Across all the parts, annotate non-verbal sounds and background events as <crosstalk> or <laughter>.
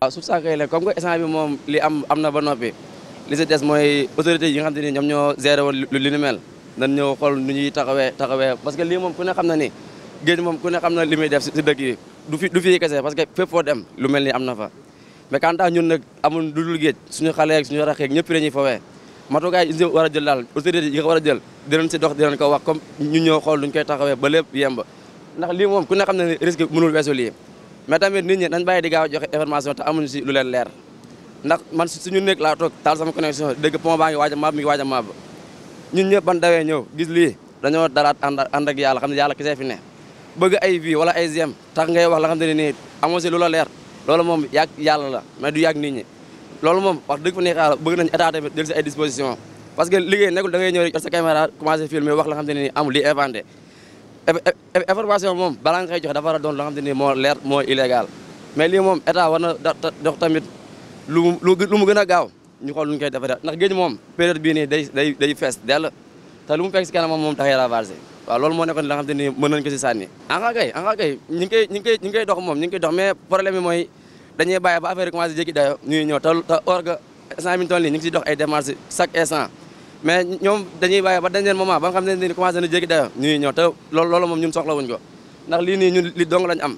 waaw suuf saa kay la comme que instant bi moom li am am na ba noppi li si des mooy autorités yi nga xam te ni ñoom ñoo géré woon lu ni mel dañ ñëw xool nu ñuy taxawee taxawee parce que lii moom ku ne xam na ni géej moom ku ne xam na li muy def si dëkk du fi du fi kese parce que fépp foo dem lu mel ni am na fa mais quant à ñun nag amul lu dul géej suñu xale ak suñu raxeeg ñëpp la ñuy fawee matukaay yi war a jël daal autorité yi si dox dinañ ko wax comme ñu ñëw xool luñ koy taxawee ba lépp yemba ndax lii moom ku ne xam ne risque mënul weesu lii mais tamit nit ñi dañ bàyyi a joxe information te amuñ si lu leen leer ndax man suñu nekk laa toog taal sama connexion dégg pont baa ngi waaj a maab mi ngi waaj a maab ñun ñëpp ban dawee ñëw gis lii dañoo daraat ànd ànd xam ne yàlla kese fi ne bëgg ay vie wala ay gem tax ngay wax la xam ne nii amoo si lu la leer loolu moom la mais du loolu moom wax dëgg fa neex yàlla bëgg nañ état tamit jël parce que liggéey nekkul da ngay ñëw rek sa caméra commencé filmer wax la xam moom balaa nga koy joxe dafa a doon loo xam te nii moo leer moo illégal mais lii moom état war tamit lu lu mu gën a gaaw ñu xool luñ koy defaree ndax géej moom day day day fees dell te lu mu fekk si kanam moom taxay ravagé waaw loolu moo nekkoon li nga xam te nii mën nañ ko si sànni. en tout cas kay en tout cas kay ñu ngi koy ñu ngi koy dañuy bàyyi ba affaire yi commencé jékki dayo ñuy ñëw te te or que instant bi ñu toll nii ñu ngi siy dox ay démarches chaque instant mais ñoom dañuy bàyyi ba dernier moment ba nga xam ne ni commencé na jékki dayo ñuy ñëw te moom ñun soxlawuñ ko ndax nii ñun li lañ am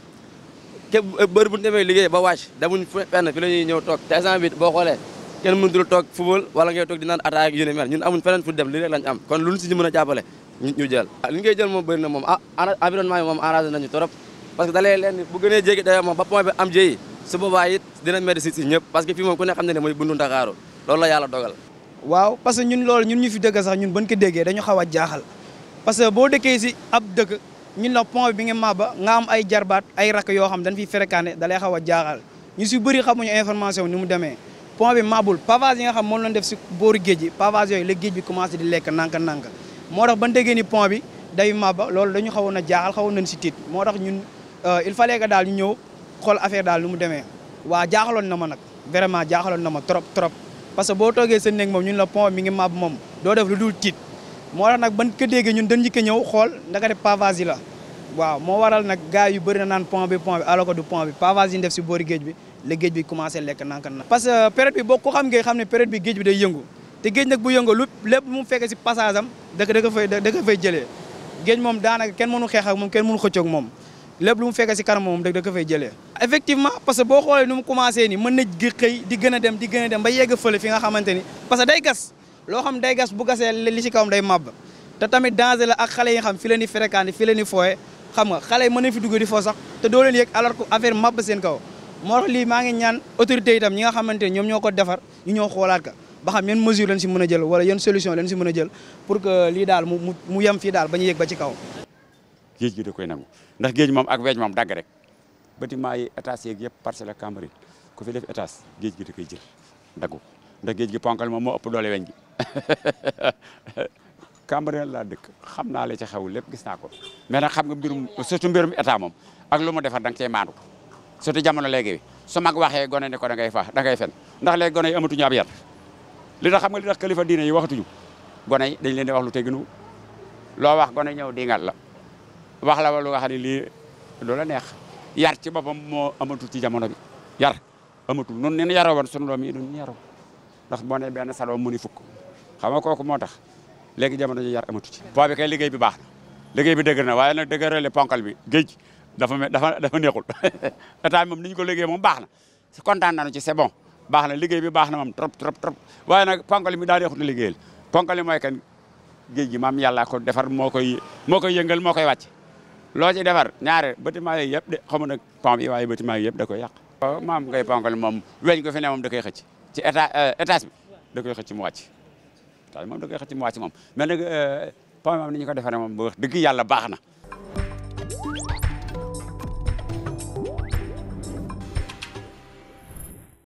bu ñu demee liggéey ba wàcc demuñ fenn fi la ñuy ñëw toog te boo xoolee kenn mënutul toog football wala ngay toog di naan ataaya ak yu ne mel ñun amuñ dem lii rek lañ am kon luñ si ñu mën a jàppale ñu jël li ngay jël moom bëri na moom ah, environnement nañu trop parce que da lay leen bu gënee jéggi dayoo moom ba point bi am jéyi su boobaa dina métti si si parce que fii moom ku ne xam ne ne mooy bundu Ndakaaru loolu la yàlla dogal waaw parce que ñun loolu ñun ñu fi dëkk sax ñun bañ ko déggee dañu xaw a jaaxal parce que boo dëkkee si ab dëkk ñun la pont bi nga mabba nga am ay jarbaat ay rakk yoo xam dañ fiy fréquenté da lay xaw a jaaxal ñu si bëri xamuñu information ni mu demee pont bi mabul pavage yi nga xam moom lañ def si booru géej gi pavage yooyu la géej bi commencé di lekk nank-nank moo tax ban déggee ni pont bi day mabba loolu dañu a jaaxal xawoon nañ si tiit Euh, il fallait que daal ñu ñëw xool affaire daal nu mu demee waa jaaxaloon na ma nag vraiment jaaxaloon na ma trop trop parce que boo toogee sa néeg moom ñun la pont mi ngi mab moom doo def lu dul tiit moo tax nag ban ko déggee ñun dañ njëkk ñëw xool ndaka def pavage yi la waaw moo waral nag gars yu bëri na naan pont bi pont bi alors que du pont bi pavage yi def si boori géej bi la géej bi commencé lekk nanka na parce que période bi boo ko xam nga xam ne période bi géej b day yëngu te géej nag bu yëngu fekkee si passage da da jëlee géej moom daanaka kenn mënu xeex ak moom kenn mënu xëccoog moom lépp lu mu fekkee si kanam moom dëgg da ko fay que boo xoolee nu mu ni mën na gi xëy di gën a dem di gën a dem ba yegg fële fi nga xamante ni parce que day gas loo xam day gas bu gasee li ci kawam day màbb te tamit danger la ak xale yi xam fi leen di fréquenté fi leen di fooye xam nga xale yi mën na fi dugg di foo sax te doole leen yëg alors que affaire màbb seen kaw moo lii maa ngi ñaan autorité yi tam ñi nga xamante ni ñoom ñoo ko defar ñu ñoo xoolaat ka ba xam yan mesure lañ si mën a jël wala yan solution lañ si mën a jël pour que lii daal mu mu daal ba ñu yëg ba ci kaw géej gi da koy nangu ndax géej moom ak weej moom dagg rek bâtiment yi étage yeeg yëpp parcelle ak Cambérène ku fi def étage géej gi da koy jël daggu ndax géej gi ponkal moom moo ëpp doole weñ gi <laughs> Cambérène laa dëkk xam naa la ci xew lépp gis naa ko mais nag xam nga mbirum surtout mbirum état moom ak lu mu defar da nga cey maandu surtout jamono léegi bi su mag waxee gone ne ko da ngay fa da ngay fen ndax léegi gone yi amatuñu ab yar li tax xam nga li tax kilifa diine yi waxatuñu gone yi dañ leen di wax lu tegginu loo wax gone ñëw dingal la wax la lu nga xam ne lii neex yar ci boppam moo amatul ci jamono bi yar amatul noonu neen yaroo woon sunu doom yi duñ yaroo ndax boo ne benn saloo mu ni fukk xam nga kooku moo tax léegi jamono ji yar amatu ci poids bi kay liggéey bi baax na liggéey bi dëgër na waaye nag dëgërale ponkal bi géej dafa dafa dafa neexul <laughs> état moom ni ñu ko liggéey moom baax na kontaan nañu ci c'est baax na liggéey bi baax na moom trop trop trop waaye nag ponkal mi daa neexut na liggéeyal ponkal yi mooy kan géej gi maam yàlla ko defar moo koy moo koy yëngal moo koy wàcc loo ci defar ñaare bâtiment yooyu yëpp de xamu nag pompe yi waaye bâtiment yooyu yëpp da koy yàq waaw maam ngay ponkal moom weñ ko fi ne moom da koy xëcc ci état euh, étage bi da koy xëcc mu wàcc étage moom da koy xëcc mu wàcc moom mais nag euh, pompe moom ñu ko defaree moom ba dëgg yàlla baax na